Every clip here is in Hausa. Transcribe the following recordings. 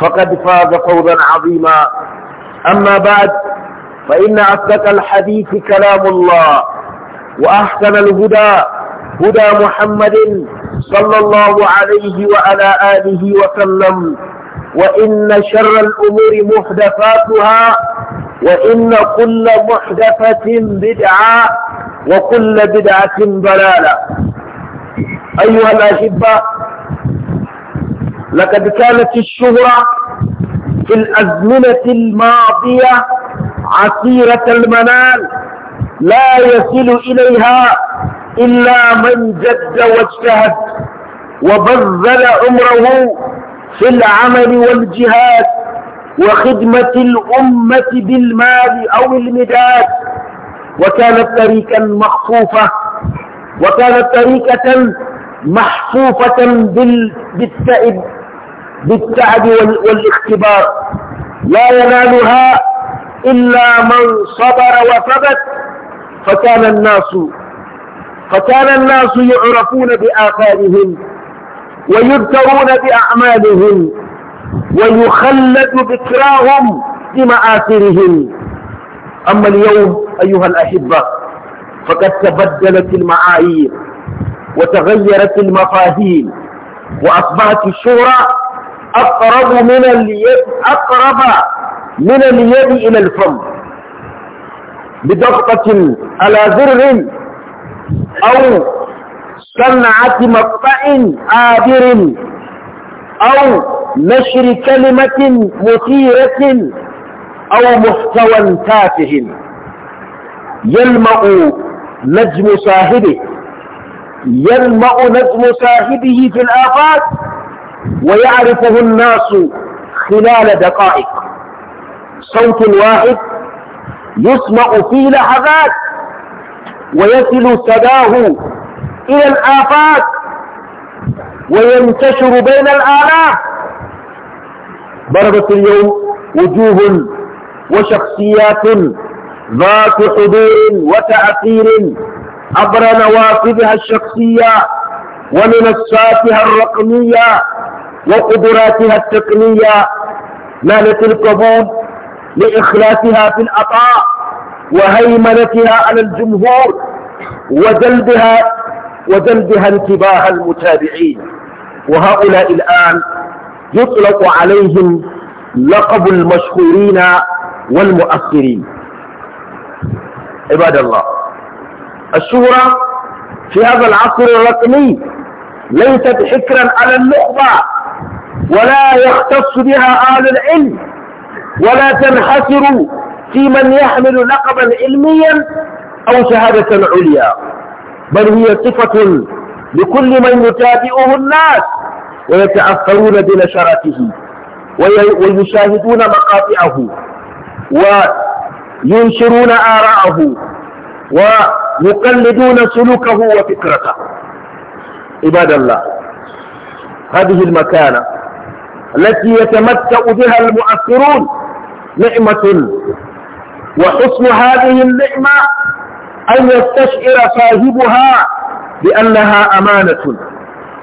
فقد فاز فوزا عظيما أما بعد فإن أصدق الحديث كلام الله وأحسن الهدى هدى محمد صلى الله عليه وعلى آله وسلم وإن شر الأمور محدثاتها وإن كل محدثة بدعة وكل بدعة ضلالة أيها الأحبة لقد كانت الشهرة في الأزمنة الماضية عسيرة المنال لا يصل إليها إلا من جد واجتهد وبذل عمره في العمل والجهاد وخدمة الأمة بالمال أو المداد وكانت طريقا مخفوفة وكانت طريقة محفوفة بالتأب بالتعب والاختبار لا ينالها إلا من صبر وثبت فكان الناس فكان الناس يعرفون بآثارهم ويذكرون بأعمالهم ويخلد ذكراهم بمآثرهم أما اليوم أيها الأحبة فقد تبدلت المعايير وتغيرت المفاهيم وأصبحت الشهرة أقرب من اليد أقرب من اليد إلى الفم بدقة على ذر أو صنعة مقطع عابر أو نشر كلمة مثيرة أو محتوى تافه يلمأ نجم صاحبه يلمأ نجم صاحبه في الآفات ويعرفه الناس خلال دقائق صوت واحد يسمع في لحظات ويصل سداه إلى الآفات وينتشر بين الآلاف ضربت اليوم وجوه وشخصيات ذات حضور وتأثير عبر نوافذها الشخصية ومنصاتها الرقمية وقدراتها التقنية ما القبول لإخلاصها في العطاء وهيمنتها على الجمهور وجلبها وجلبها انتباه المتابعين وهؤلاء الآن يطلق عليهم لقب المشهورين والمؤثرين عباد الله الشهرة في هذا العصر الرقمي ليست حكرا على النخبة ولا يختص بها أهل العلم ولا تنحسر في من يحمل لقبا علميا أو شهادة عليا بل هي صفة لكل من يتابعه الناس ويتأثرون بنشرته ويشاهدون مقاطعه وينشرون آراءه ويقلدون سلوكه وفكرته عباد الله هذه المكانة التي يتمتع بها المؤثرون نعمة وحسن هذه النعمة أن يستشعر صاحبها بأنها أمانة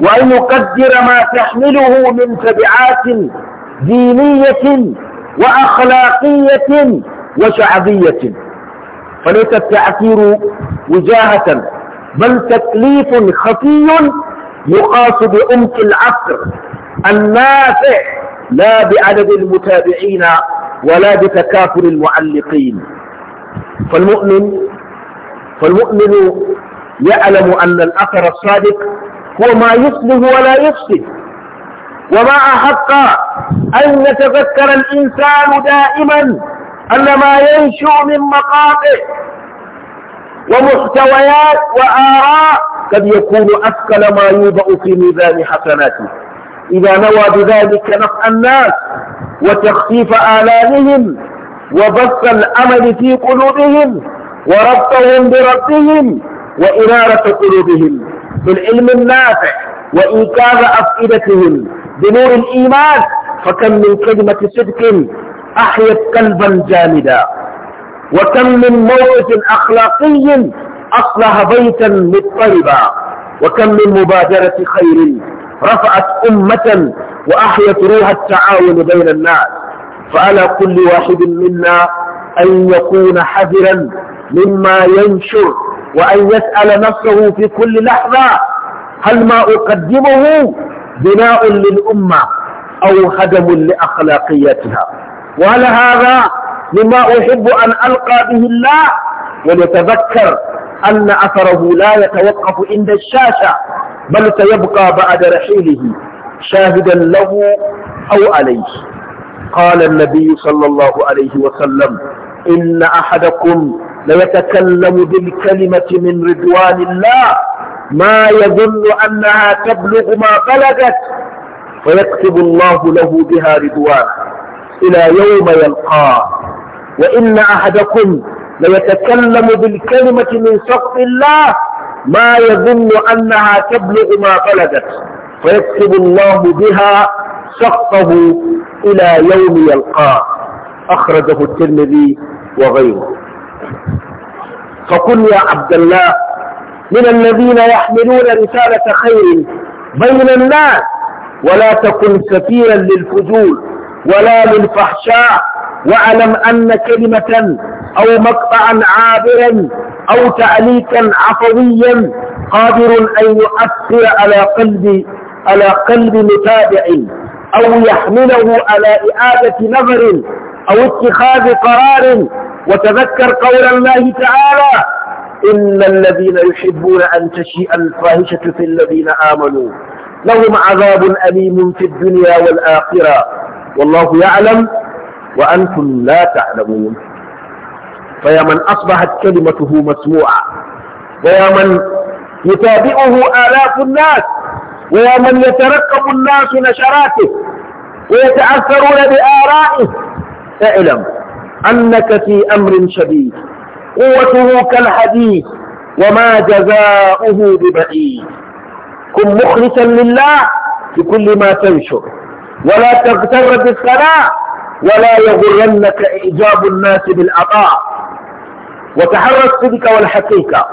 وأن يقدر ما تحمله من تبعات دينية وأخلاقية وشعبية فليس التعثير وجاهة بل تكليف خفي يقاس بعمق العصر النافع لا بعدد المتابعين ولا بتكافل المعلقين فالمؤمن فالمؤمن يعلم أن الأثر الصادق هو ما يصلح ولا يفسد وما أحق أن يتذكر الإنسان دائما أن ما ينشأ من مقاطع ومحتويات وآراء قد يكون أثقل ما يوضع في ميزان حسناته إذا نوى بذلك نفع الناس وتخفيف آلامهم وبث الأمل في قلوبهم وربطهم بربهم وإنارة قلوبهم بالعلم النافع وإيكاظ أفئدتهم بنور الإيمان فكم من كلمة صدق أحيت قلبا جامدا وكم من موقف أخلاقي أصلح بيتا مضطربا وكم من مبادرة خير رفعت أمة وأحيت روح التعاون بين الناس فعلى كل واحد منا أن يكون حذرا مما ينشر وأن يسأل نفسه في كل لحظة هل ما أقدمه بناء للأمة أو هدم لأخلاقيتها وهل هذا مما أحب أن ألقى به الله ولتذكر أن أثره لا يتوقف عند الشاشة بل سيبقى بعد رحيله شاهدا له أو عليه قال النبي صلى الله عليه وسلم إن أحدكم ليتكلم بالكلمة من رضوان الله ما يظن أنها تبلغ ما بلغت فيكتب الله له بها رضوان إلى يوم يلقاه وإن أحدكم ليتكلم بالكلمة من سخط الله ما يظن أنها تبلغ ما بلغت فيكتب الله بها سقطه إلى يوم يلقاه أخرجه الترمذي وغيره فقل يا عبد الله من الذين يحملون رسالة خير بين الناس ولا تكن سفيرا للفجور ولا للفحشاء واعلم أن كلمة أو مقطعا عابرا أو تعليقا عفويا قادر أن يؤثر على قلب على قلب متابع أو يحمله على إعادة نظر أو اتخاذ قرار وتذكر قول الله تعالى إن الذين يحبون أن تشيء الفاحشة في الذين آمنوا لهم عذاب أليم في الدنيا والآخرة والله يعلم وأنتم لا تعلمون فيا من أصبحت كلمته مسموعة ويا من يتابعه آلاف الناس ويا من يترقب الناس نشراته ويتأثرون بآرائه اعلم أنك في أمر شديد قوته كالحديد وما جزاؤه ببعيد كن مخلصا لله في كل ما تنشر ولا تغتر بالثناء ولا يغرنك إعجاب الناس بالعطاء وتحرى الصدق والحقيقة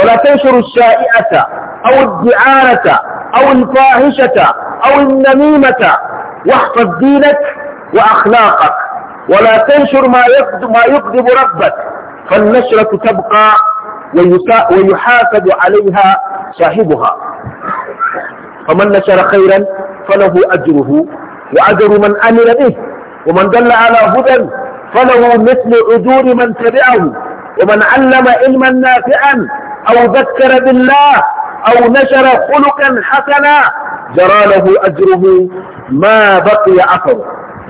ولا تنشر الشائعة أو الدعارة أو الفاحشة أو النميمة واحفظ دينك وأخلاقك ولا تنشر ما يغضب, ما يغضب ربك فالنشرة تبقى ويحاسب عليها صاحبها فمن نشر خيرا فله أجره وأجر من أمر به ومن دل على هدى فله مثل أجور من تبعه ومن علم علما نافعا أو ذكر بالله أو نشر خلقا حسنا جرى له أجره ما بقي أثر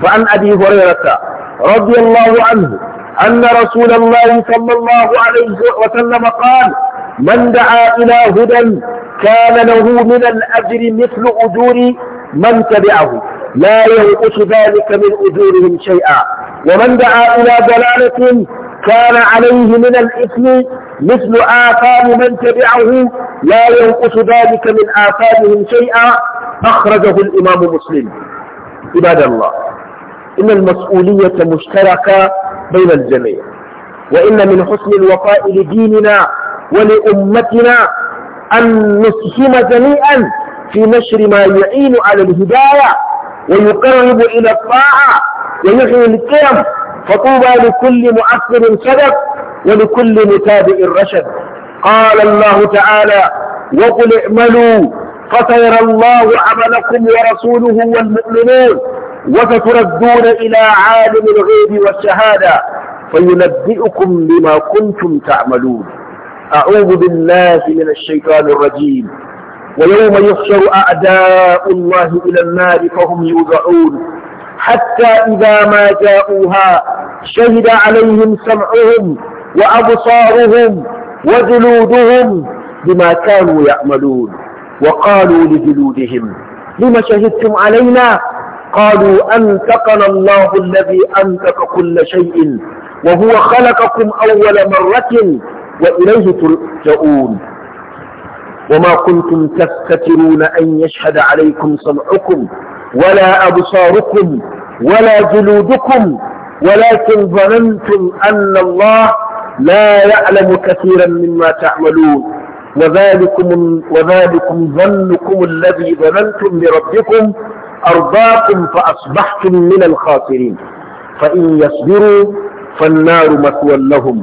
فعن أبي هريرة رضي الله عنه أن رسول الله صلى الله عليه وسلم قال من دعا إلى هدى كان له من الأجر مثل أجور من تبعه لا ينقص ذلك من أجورهم شيئا ومن دعا إلى ضلالة كان عليه من الإثم مثل آثام من تبعه لا ينقص ذلك من آثامهم شيئا أخرجه الإمام مسلم عباد الله إن المسؤولية مشتركة بين الجميع وإن من حسن الوفاء لديننا ولأمتنا أن نسهم جميعا في نشر ما يعين على الهداية ويقرب إلى الطاعة ويحيي القيم فطوبى لكل مؤثر صدق ولكل متابع رشد قال الله تعالى وقل اعملوا فسيرى الله عملكم ورسوله والمؤمنون وستردون إلى عالم الغيب والشهادة فينبئكم بما كنتم تعملون أعوذ بالله من الشيطان الرجيم ويوم يحشر أعداء الله إلى النار فهم يوزعون حتى إذا ما جاءوها شهد عليهم سمعهم وأبصارهم وجلودهم بما كانوا يعملون وقالوا لجلودهم لما شهدتم علينا قالوا أنتقنا الله الذي أنتق كل شيء وهو خلقكم أول مرة وإليه ترجعون وما كنتم تفتكرون أن يشهد عليكم سمعكم ولا أبصاركم ولا جلودكم ولكن ظننتم أن الله لا يعلم كثيرا مما تعملون وذلكم, وذلكم ظنكم الذي ظننتم بربكم أرضاكم فأصبحتم من الخاسرين فإن يصبروا فالنار مثوى لهم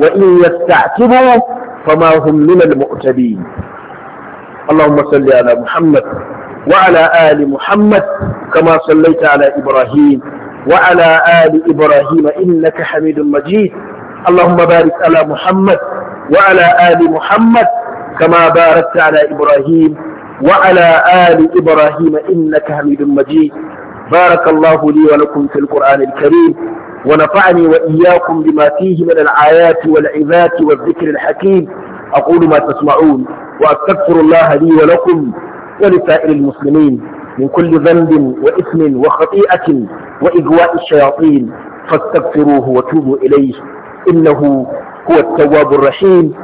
وإن يستعتبوا فما هم من المؤتدين اللهم صل على محمد وعلى آل محمد كما صليت على إبراهيم وعلى آل إبراهيم إنك حميد مجيد اللهم بارك على محمد وعلى آل محمد كما باركت على إبراهيم وعلى آل إبراهيم إنك حميد مجيد بارك الله لي ولكم في القرآن الكريم ونفعني وإياكم بما فيه من الآيات والعبات والذكر الحكيم أقول ما تسمعون وأستغفر الله لي ولكم ولسائر المسلمين من كل ذنب وإثم وخطيئة وإغواء الشياطين فاستغفروه وتوبوا إليه إنه هو التواب الرحيم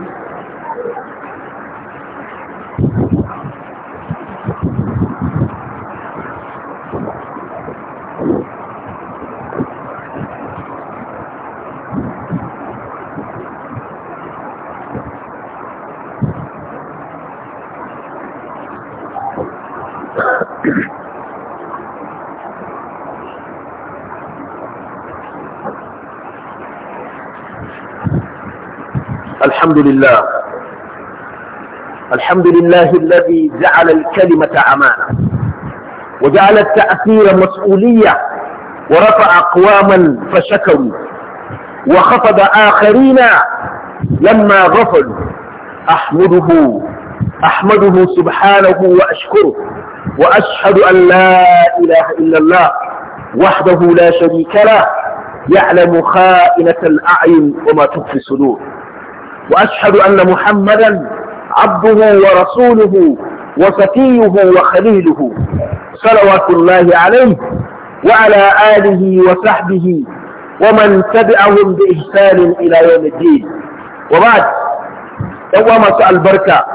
الحمد لله الحمد لله الذي جعل الكلمة أمانة وجعل التأثير مسؤولية ورفع أقواما فشكوا وخفض آخرين لما غفلوا أحمده أحمده سبحانه وأشكره وأشهد أن لا إله إلا الله وحده لا شريك له يعلم خائنة الأعين وما تخفي الصدور وأشهد أن محمدا عبده ورسوله وصفيه وخليله صلوات الله عليه وعلى آله وصحبه ومن تبعهم بإحسان إلى يوم الدين وبعد يوم سأل بركة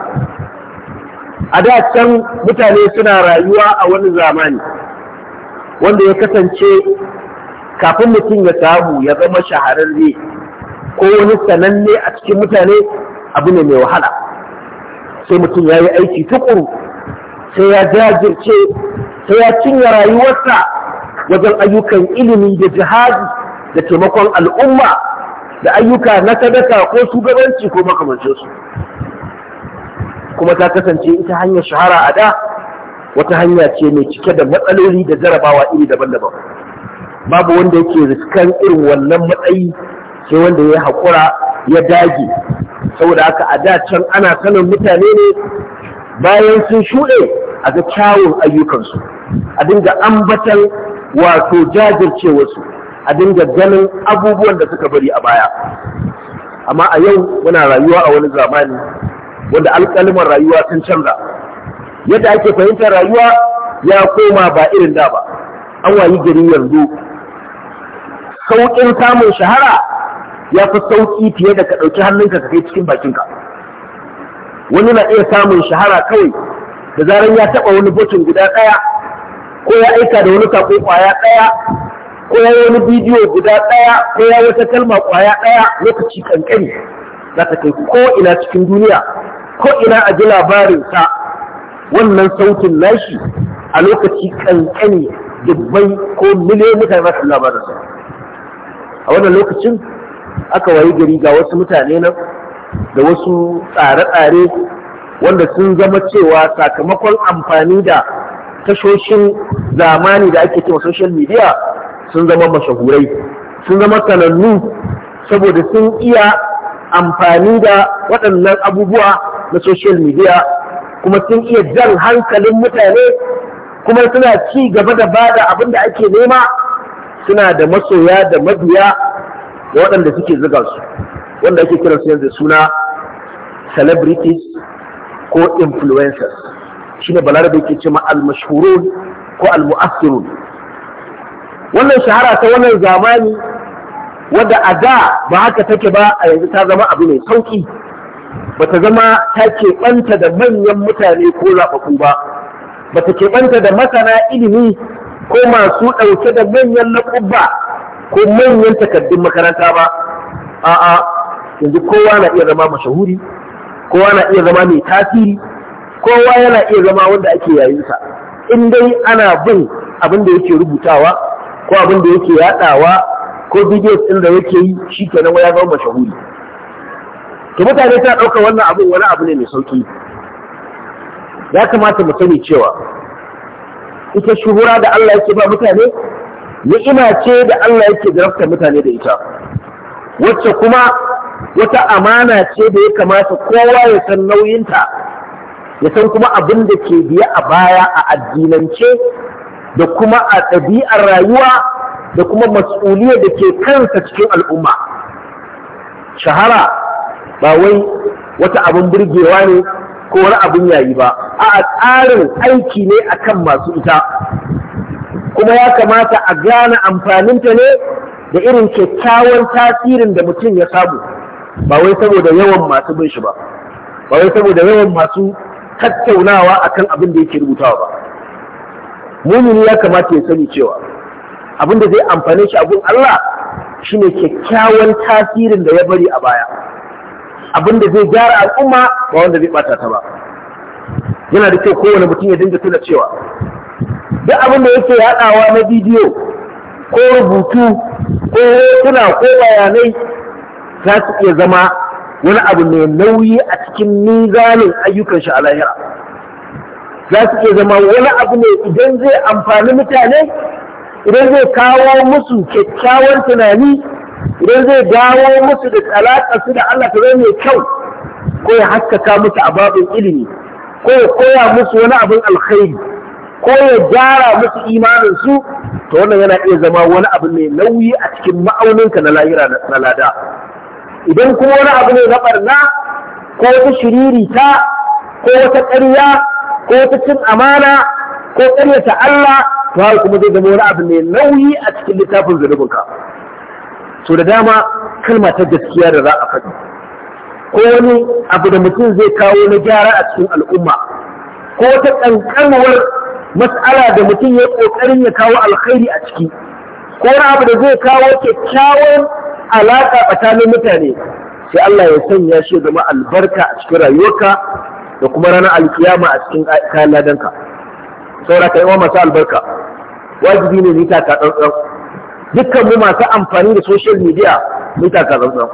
أداة متالي سنة رايوة أو الزمان وانده يكتن شيء كافمتين mutum يضم شهر الليل ko wani sananne a cikin mutane abu ne mai wahala sai mutum ya yi aiki tukuru sai ya jajirce sai ya cinye rayuwarsa wajen ayyukan ilimi da jihadi da taimakon al'umma da ayyuka na sadaka ko shugabanci ko makamancinsu kuma ta kasance ita hanyar shahara a da wata hanya ce mai cike da matsaloli da jarabawa iri daban-daban babu wanda yake riskan irin wannan matsayi sai wanda ya haƙura ya dage saboda haka a da can ana sanin mutane ne bayan sun shuɗe a ga kyawun ayyukansu a dinga ambatan wato jajirce wasu, a dinga ganin abubuwan da suka bari a baya amma a yau muna rayuwa a wani zamani wanda alƙaliman rayuwa sun canza yadda ake fahimtar rayuwa ya koma ba irin da ba an wayi gari yanzu sauƙin samun shahara ya fi sauƙi fiye da ka ɗauki hannunka ka kai cikin bakinka wani na iya samun shahara kawai da zarar ya taɓa wani bocin guda ɗaya ko ya aika da wani saƙo ƙwaya ɗaya ko ya wani bidiyo guda ɗaya ko ya wata kalma ƙwaya ɗaya lokaci kankani za ta kai ko ina cikin duniya ko ina a ji labarin labarinsa wannan sautin nashi a lokaci kankani dubbai ko miliyoyin mutane za su labarinsa a wannan lokacin aka wayi gari ga wasu mutane nan da wasu tsare-tsare wanda sun zama cewa sakamakon amfani da tashoshin zamani da ake cewa social media sun zama mashahurai sun zama sanannu saboda sun iya amfani da waɗannan abubuwa na social media kuma sun iya jan hankalin mutane kuma suna ci gaba da bada abin da ake nema suna da masoya da mabiya da waɗanda suke zuga su wanda ake kira su yanzu suna celebrities ko influencers shine balarabe ke yake al-mashhurun ko al-mu'assirun wannan shahara ta wannan zamani wadda a da ba haka take ba a yanzu ta zama abu mai sauki ta zama ta keɓanta da manyan mutane ko zaɓaɓɓu ba bata keɓanta da masana ilimi ko masu ɗauke da manyan laƙubba ko manyan takardun makaranta ba a'a yanzu kowa na iya zama mashahuri kowa na iya zama mai tasiri kowa yana iya zama wanda ake yayinsa in dai ana bin abin da yake rubutawa ko abin da yake yadawa ko bidiyo ɗin da yake yi shi kenan ya zama mashahuri to mutane ta ɗauka wannan abin wani abu ne mai sauki ya kamata mu sani cewa ita shuhura da Allah yake ba mutane ni'ima ce da Allah yake jarabta mutane da ita wacce kuma wata amana ce da ya kamata kowa ya san nauyinta ya san kuma abin da ke biya a baya a addinance da kuma a ɗabi'ar rayuwa da kuma mas'uliyar da ke kansa cikin al'umma shahara ba wai wata abin burgewa ne ko wani abin yayi ba a tsarin aiki ne akan masu ita kuma ya kamata a gane amfaninta ne da irin kyakkyawan tasirin da mutum ya samu ba wai saboda yawan masu bin shi ba ba wai saboda yawan masu tattaunawa akan abin da yake rubutawa ba mumini ya kamata ya sani cewa abin da zai amfane shi abin Allah shine kyakkyawan tasirin da ya bari a baya abin da zai gyara al'umma ba wanda zai bata ta ba yana da kyau kowane mutum ya dinga tuna cewa duk abin da yake haɗawa na bidiyo ko rubutu ko hotuna ko bayanai za su iya zama wani abu mai nauyi a cikin mizanin ayyukan shi a lahira za su iya zama wani abu ne idan zai amfani mutane idan zai kawo musu kyakkyawan tunani idan zai dawo musu da alaƙa su da Allah ta zai mai kyau ko ya haskaka musu a babin ilimi ko ya koya musu wani abin alkhairi ko ya gyara musu imanin su to wannan yana iya zama wani abu mai nauyi a cikin ma'auninka na lahira na lada idan kuma wani abu ne na barna ko wata shiririta ko wata ƙarya ko wata cin amana ko ta Allah to har kuma zai zama wani abu mai nauyi a cikin littafin zunubinka to da dama kalma ta gaskiya da za a faɗi ko wani abu da mutum zai kawo na gyara a cikin al'umma ko wata ƙanƙanwar mas'ala da mutum ya ƙoƙarin ya kawo alkhairi a ciki ko abu da zai kawo kyakkyawan alaƙa tsakanin mutane sai Allah ya sanya shi zama albarka a cikin rayuwarka da kuma ranar alkiyama a cikin kayan ladanka saura ka yawa masu albarka wajibi ne ni ka tsantsan dukkan mu masu amfani da social media mu ka tsantsan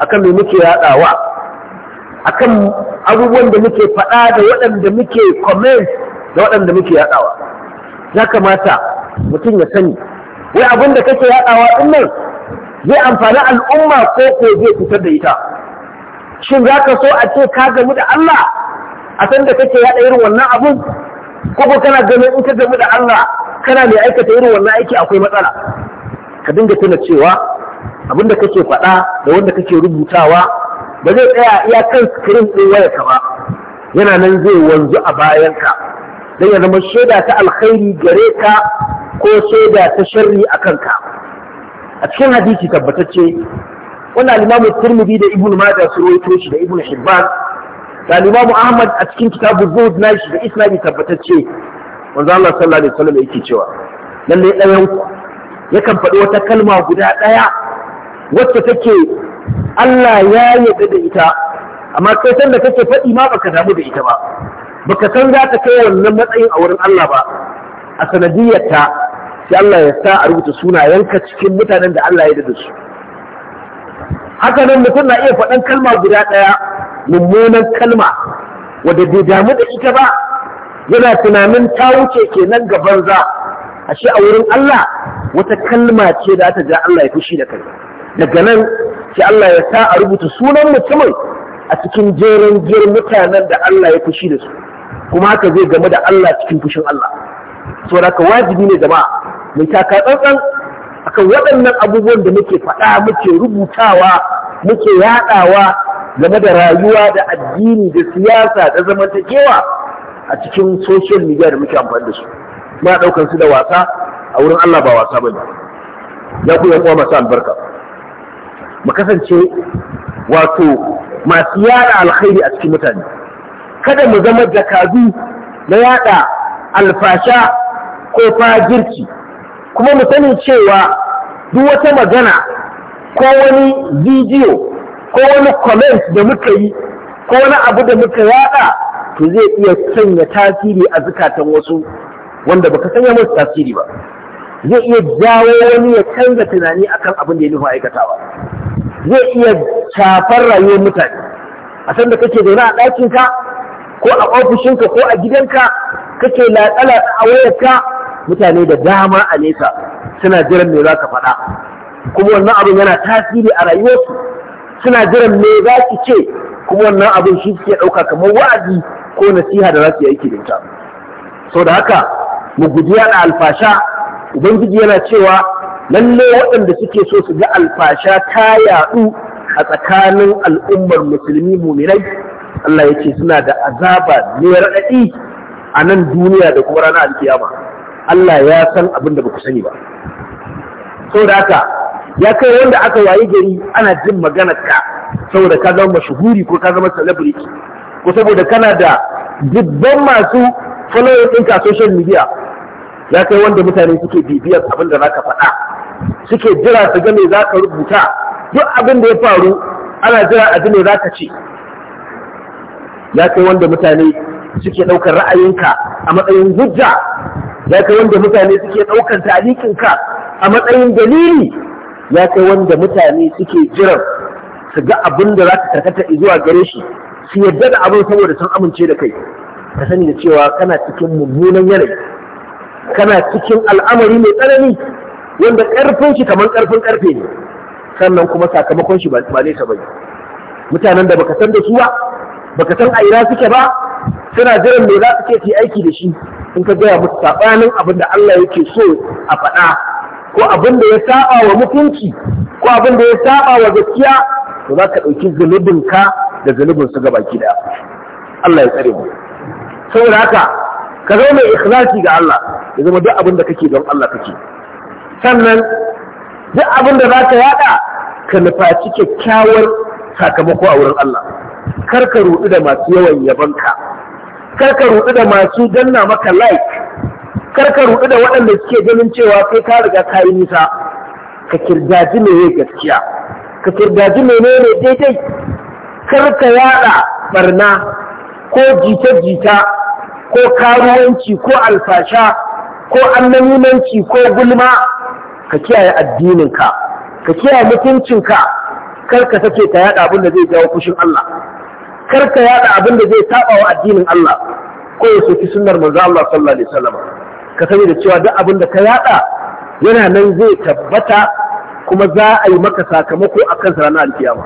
akan me muke yadawa akan abubuwan da muke faɗa da waɗanda muke comment da waɗanda muke yaɗawa ya kamata mutum ya sani wai abin da kake yaɗawa ɗin nan zai amfani al'umma ko ko zai fitar da ita shin za ka so a ce ka gamu da Allah a san da kake yaɗa irin wannan abun ko kana ganin in ka gamu da Allah kana mai aikata irin wannan aiki akwai matsala ka dinga tuna cewa abin da kake faɗa da wanda kake rubutawa ba zai tsaya iya kan screen ɗin wayarka ba yana nan zai wanzu a bayanka don ya zama shaida ta alkhairi gare ka ko shaida ta sharri a kanka a cikin hadisi tabbatacce wannan alimamu turmudi da Ibn majah su rawaito shi da Ibn hibban da alimamu ahmad a cikin kitabu zuhud nashi da isnadi tabbatacce manzo Allah sallallahu alaihi wasallam yake cewa Lallai ɗayan ku yakan faɗi wata kalma guda ɗaya wacce take Allah ya yadda da ita amma kai san da kake faɗi ma baka damu da ita ba baka san za ka kai wannan matsayin a wurin Allah ba a sanadiyar ta sai Allah ya sa a rubuta sunayenka cikin mutanen da Allah ya da su haka nan mutum na iya faɗan kalma guda ɗaya mummunan kalma wadda bai damu da ita ba yana tunanin ta wuce kenan ga banza ashe a wurin Allah wata kalma ce da ta ja Allah ya fushi da kai daga nan sai Allah ya sa a rubuta sunan mutumin a cikin jeren giyar mutanen da Allah ya fushi da su kuma haka zai game da Allah cikin fushin Allah saboda ka wajibi ne jama'a mai taka tsantsan akan waɗannan abubuwan da muke faɗa muke rubutawa muke yaɗawa game da rayuwa da addini da siyasa da zamantakewa a cikin social media da muke amfani da su muna ɗaukar su da wasa a wurin Allah ba wasa bane ya ku yan uwa masu albarka mu kasance wato masu yada alkhairi a cikin mutane kada mu zama jakadu na yada alfasha ko fajirci kuma mu sani cewa duk wata magana ko wani video ko wani comment da muka yi ko wani abu da muka yada to zai iya sanya tasiri a zukatan wasu wanda baka sanya musu tasiri ba zai iya jawo wani ya canza tunani akan abin da ya nufa aikatawa zai iya shafar rayuwar mutane a sanda kake zaune a ɗakinka ko a ofishinka ko a gidanka kake latsala a wayarka mutane da dama a nesa suna jiran me za ka faɗa kuma wannan abin yana tasiri a rayuwarsu suna jiran me za ki ce kuma wannan abin shi suke ɗauka kamar wa'azi ko nasiha da za su yi aiki da da haka mu guji yaɗa alfasha ubangiji yana cewa lalle waɗanda suke so su ga alfasha ta yaɗu a tsakanin al'ummar musulmi muminai Allah ya ce suna da azaba ne raɗaɗi a nan duniya da kuma ranar alkiyama Allah ya san abin da ba ku sani ba saboda haka ya kai wanda aka wayi gari ana jin maganar ka saboda ka zama mashuhuri ko ka zama celebrity ko saboda kana da dubban masu following ɗinka social media ya kai wanda mutane suke bibiyar abin da zaka faɗa suke jira su ga me zaka rubuta duk abin da ya faru ana jira a ji me zaka ce ya kai wanda mutane suke ɗaukar ra'ayinka a matsayin hujja ya kai wanda mutane suke ɗaukar ka a matsayin dalili ya kai wanda mutane suke jiran su ga abin da za ka karkata zuwa gare shi su yarda da abin saboda sun amince da kai ka sani da cewa kana cikin mummunan yanayi kana cikin al'amari mai tsanani wanda ƙarfin shi kamar ƙarfin ƙarfe ne sannan kuma sakamakon shi ba nesa ba mutanen da baka san da su ba baka san a ina suke ba suna jiran me za su ce su aiki da shi in ka gaya musu saɓanin abin da Allah yake so a faɗa ko abin da ya saɓa wa mutunci ko abin da ya saɓa wa gaskiya to za ka ɗauki ka da zunubin gaba ki ɗaya Allah ya tsare mu saboda haka ka zama mai ikhlasi ga Allah ya zama duk abin da kake don Allah kake sannan duk abin da zaka yada ka nufaci kyakkyawar sakamako a wurin Allah kar ka rudu da masu yawan yabanka kar ka rudu da masu danna maka like kar ka rudu da waɗanda suke ganin cewa kai ka riga ka yi nisa ka kirdaji meye gaskiya ka kirdaji mai daidai kar ka yada barna ko jita-jita ko karuwanci ko alfasha ko annamimanci ko gulma ka kiyaye addininka ka kiyaye mutuncinka karka sake ka yada abin da zai jawo fushin Allah kar ka yada abin da zai saba wa addinin Allah ko ya soki sunnar manzo Allah sallallahu alaihi wasallam ka sani da cewa duk abin da ka yada yana nan zai tabbata kuma za a yi maka sakamako akan ranar alkiyama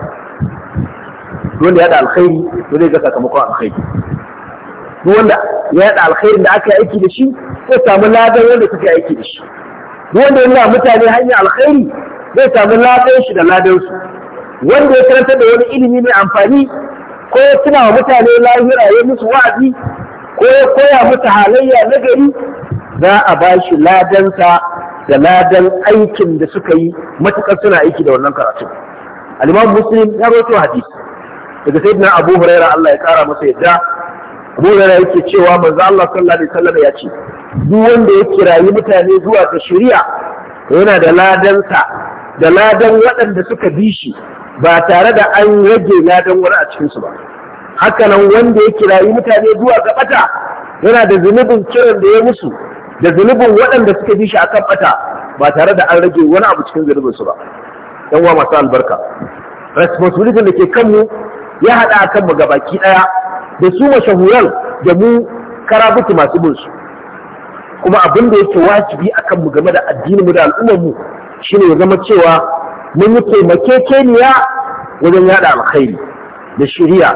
wanda ya da alkhairi to zai ga sakamakon alkhairi duk wanda ya yada alkhairin da aka aiki da shi zai samu ladan wanda suka aiki da shi duk wanda yana mutane hanyar alkhairi zai samu ladan shi da ladan su wanda ya karanta da wani ilimi mai amfani ko ya tuna wa mutane lahira ya musu wa'azi ko ya koya musu halayya na gari za a ba shi ladansa da ladan aikin da suka yi matukar suna aiki da wannan karatu al-imam muslim ya rawaito hadisi daga sayyidina abu hurairah Allah ya kara masa yadda Abu na yake cewa manzo Allah sallallahu alaihi wasallam ya ce duk wanda ya kirayi mutane zuwa ga shari'a yana da ladansa da ladan waɗanda suka bi shi ba tare da an rage ladan wani a cikinsu ba haka nan wanda ya kirayi mutane zuwa ga bata yana da zunubin kiran da ya musu da zunubin waɗanda suka bi shi kan bata ba tare da an rage wani abu cikin zunubinsu ba yan wa masu albarka responsibility da ke kanmu ya haɗa a kanmu baki ɗaya da su mashahuran da mu karabutu masu bin su kuma abin da yake wajibi akan mu game da addininmu da al'ummarmu shine ya zama cewa mun yi taimake keniya wajen yada alkhairi da shari'a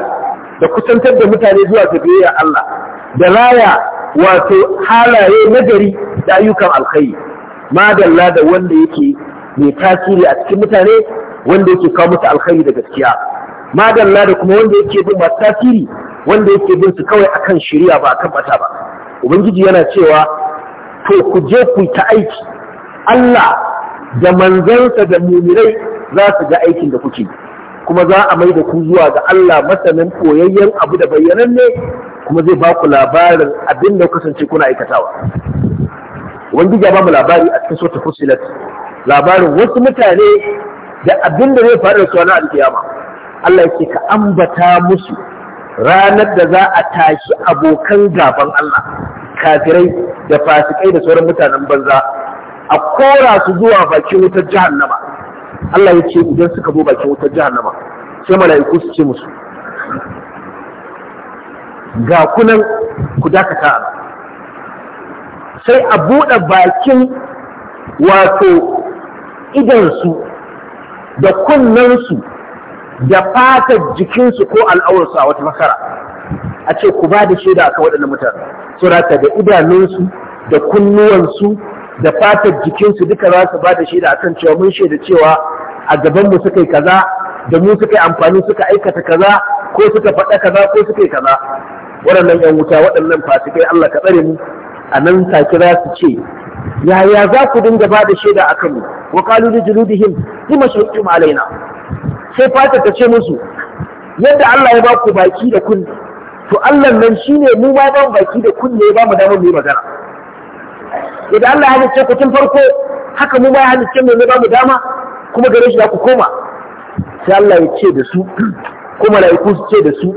da kusantar da mutane zuwa ga biyayya Allah da raya wato halaye nagari da ayyukan alkhairi madalla da wanda yake mai tasiri a cikin mutane wanda yake kawo mutu alkhairi da gaskiya madalla da kuma wanda yake bin masu tasiri wanda yake bin su kawai akan shirya ba akan bata ba ubangiji yana cewa to ku je ku ta aiki Allah da manzansa da mumirai za su ga aikin da kuke kuma za a mai da ku zuwa ga Allah masanin koyayyen abu da bayyananne kuma zai ba ku labarin abin da kasance kuna aikatawa ubangiji ya ba mu labari a cikin sota fusilat labarin wasu mutane da abin da zai faru da su na alkiyama Allah yake ka ambata musu ranar da za a tashi abokan gaban Allah kafirai da fasikai da sauran mutanen banza a kora su zuwa bakin wutar jahannama Allah ya ce idan suka zo bakin wutar jahannama sai mala'iku su ce musu ga kunan ku dakata sai a buɗe bakin wato idansu da kunnansu da fatar jikinsu ko al'aurarsu a wata makara a ce ku ba da shaida akan waɗannan mutane surata da idanunsu da kunnuwansu da fatar jikinsu duka za su ba da shaida akan cewa mun shaida cewa a gaban mu suka yi kaza da mu suka yi amfani suka aikata kaza ko suka faɗa kaza ko suka yi kaza waɗannan ‘yan wuta waɗannan fasikai Allah ka tsare mu a nan take za su ce yaya za ku dinga ba da shaida a kanmu wa kalu li juludihim lima shahidtum alaina sai fata ta ce musu yadda Allah ya ba ku baki da kunne to Allah nan shine mu ma ba baki da kunne ya ba mu damar mu magana idan Allah ya halice ku tun farko haka mu ma ya halice mu ne ba mu dama kuma gare shi za ku koma sai Allah ya ce da su kuma laiku su ce da su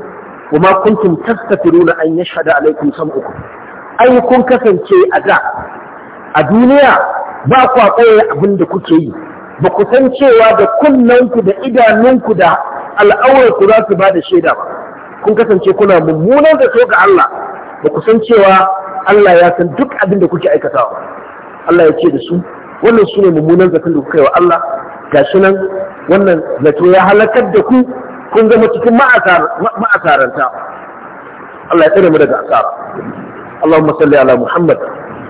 wa ma kuntum tastafiruna an yashhada alaikum sam'ukum ai kun kasance a da a duniya ba ku koyi abin da kuke yi ba ku san cewa da kunnanku da idanunku da al'aurarku za su ba da shaida ba kun kasance kuna mummunan zato ga Allah ba ku san cewa Allah ya san duk abin da kuke aikatawa Allah ya ce da su wannan su ne mummunan zaton da kuka yi wa Allah ga shi nan wannan zato ya halakar da ku kun zama cikin ma'asaranta Allah ya tsare mu daga asara Allahumma salli ala Muhammad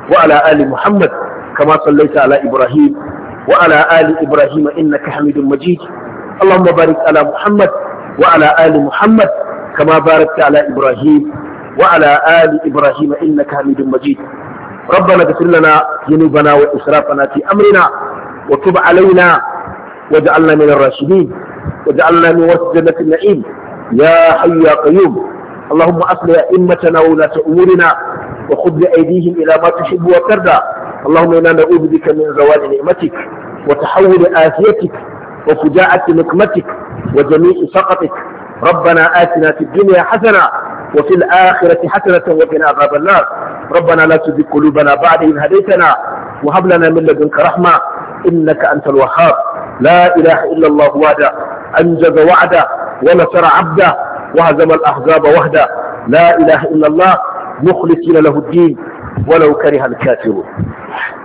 wa ala ali Muhammad kama sallaita ala Ibrahim وعلى آل إبراهيم إنك حميد مجيد اللهم بارك على محمد وعلى آل محمد كما باركت على إبراهيم وعلى آل إبراهيم إنك حميد مجيد ربنا اغفر لنا ذنوبنا وإسرافنا في أمرنا وتب علينا واجعلنا من الراشدين واجعلنا من ورث جنة النعيم يا حي يا قيوم اللهم أصلح أئمتنا وولاة أمورنا وخذ بأيديهم إلى ما تحب وترضى اللهم إنا نعوذ بك من زوال نعمتك وتحول آثيتك وفجاءة نقمتك وجميع سقطك ربنا آتنا في الدنيا حسنة وفي الآخرة حسنة وقنا عذاب النار ربنا لا تزغ قلوبنا بعد إذ هديتنا وهب لنا من لدنك رحمة إنك أنت الوهاب لا إله إلا الله وحده أنجز وعده ونصر عبده وهزم الأحزاب وحده لا إله إلا الله مخلصين له الدين walau kariha al